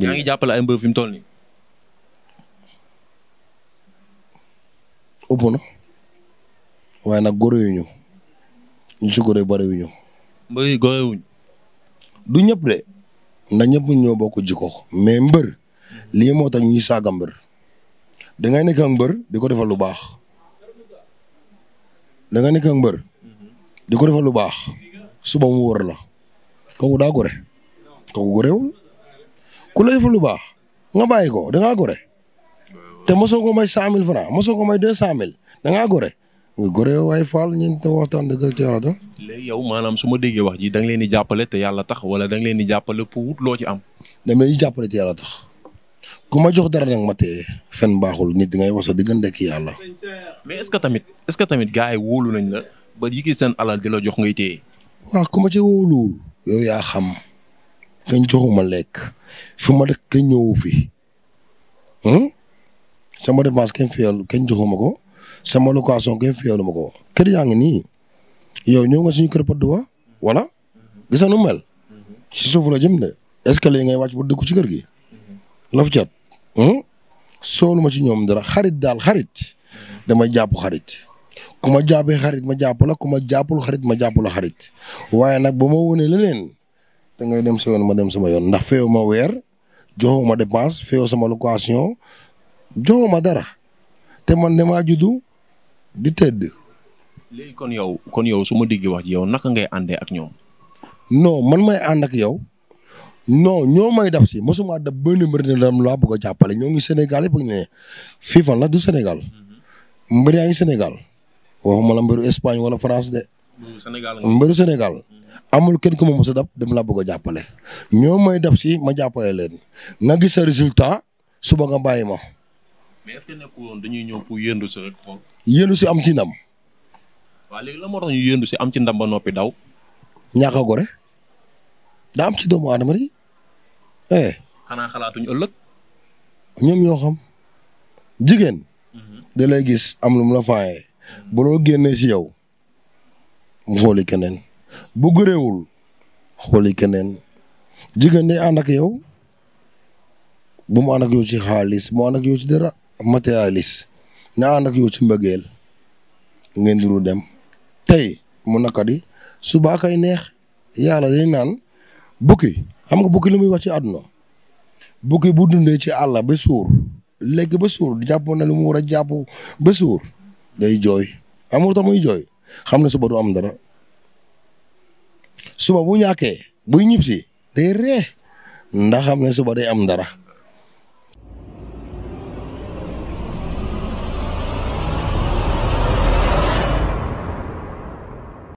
yaa ngi ay mbër fi mu toll nii. ëpp na waaye nag góor yu ñu ñu si góor yu bëri yu du ñëpp de ndax ñëpp ñoo bokk jikko mais mbër lii moo tax ñuy saaga mbër da ngay nekk ak mbër di ko defal lu baax da ngay nekk ak mbër di ko defal lu baax suba mu la kooku daa gore kooku ku la defal lu baax nga bàyyi ko da gore te mosoo ko may cent mille franc mosoo ko may deux cent mille da ngaa gore nga gore waaye Fall ñun te waxtaan dëgg ci rajo. léegi yow maanaam su ma wax ji da leen di jàppale te yàlla tax wala da nga leen di jàppale pour loo ci am. dama leen jàppale te yàlla tax. ku ma jox dara nag ma tee fen baaxul nit ngay wax sa diggante ak yàlla. mais est ce que tamit est que tamit gars yi wóolu nañ la ba yëkkati seen alal di jox ngay téye. waaw ma ci wóoluwul. yow yaa xam. kañ joxuma lekk. fu ma dëkk kenn ñëwu fi hmm? sama dépense kenn fayal kenn joxuma ko sama location kenn fayaluma ko kër yaa ngi nii yow ñëw nga suñu kër Patte d'Oie voilà gis nu mel si suuf la jëm de est ce que léegi ngay wàcc ba dëkku ci kër gi laf cat hmm? soolu ma ci ñoom dara xarit daal xarit dama jàpp xarit ku ma jàppee xarit ma jàpp la ma jàppul xarit ma jàpp la xarit waaye nag ba ma wone leneen te ngay dem sa ma dem sama yoon ndax feewu ma weer joxoo ma dépense feewu sama location joxoo ma dara te man damaa juddu di tëdd. léegi kon yow kon yow su ma déggee wax ji yow naka ngay àndee ak ñoom. non man ma ànd ak yow non ñoo may daf si mosuma daf benn ne dam laa bëgg a jàppale ñoo ngi Sénégal yëpp ne fii fan la du Sénégal mbir yaa ngi Sénégal waxuma la mbiru Espagne wala France de. mbiru Sénégal amul kenn ku ma mos a dab dem laa bëgg a jàppale ñoom may dab si ma jàppale leen na gis sa résultat suba nga bàyyi ma. mais est si am ci ndam. waaw léegi la si am ci ndam ba noppi daw. ñàkk a gore daa am ci doomu aadama di. Eh. xanaa xalaatuñu ëllëg. ñoom ñoo jigéen. Mhm. da lay gis am lu mu la faayee. Mhm. bu génnee si yow mu xooli keneen. bu gëreewul xooli keneen jigéen day ànd ak yow bu mu ànd ak yow ci xaalis mu ànd ak yow ci dara matérialiste na ànd ak yow ci mbëggeel ngeen duru dem tey mu nakadi subaa kay neex yàlla day naan bukki xam nga bukki li muy wax ci àdduna bukki bu dundee ci àll ba suur lekk ba suur jàpp na lu mu war a jàpp ba suur day jooy amul tax muy jooy xam ne suba du am dara suba bu ñàkkee buy ñib si day ree ndax xam ne suba day am dara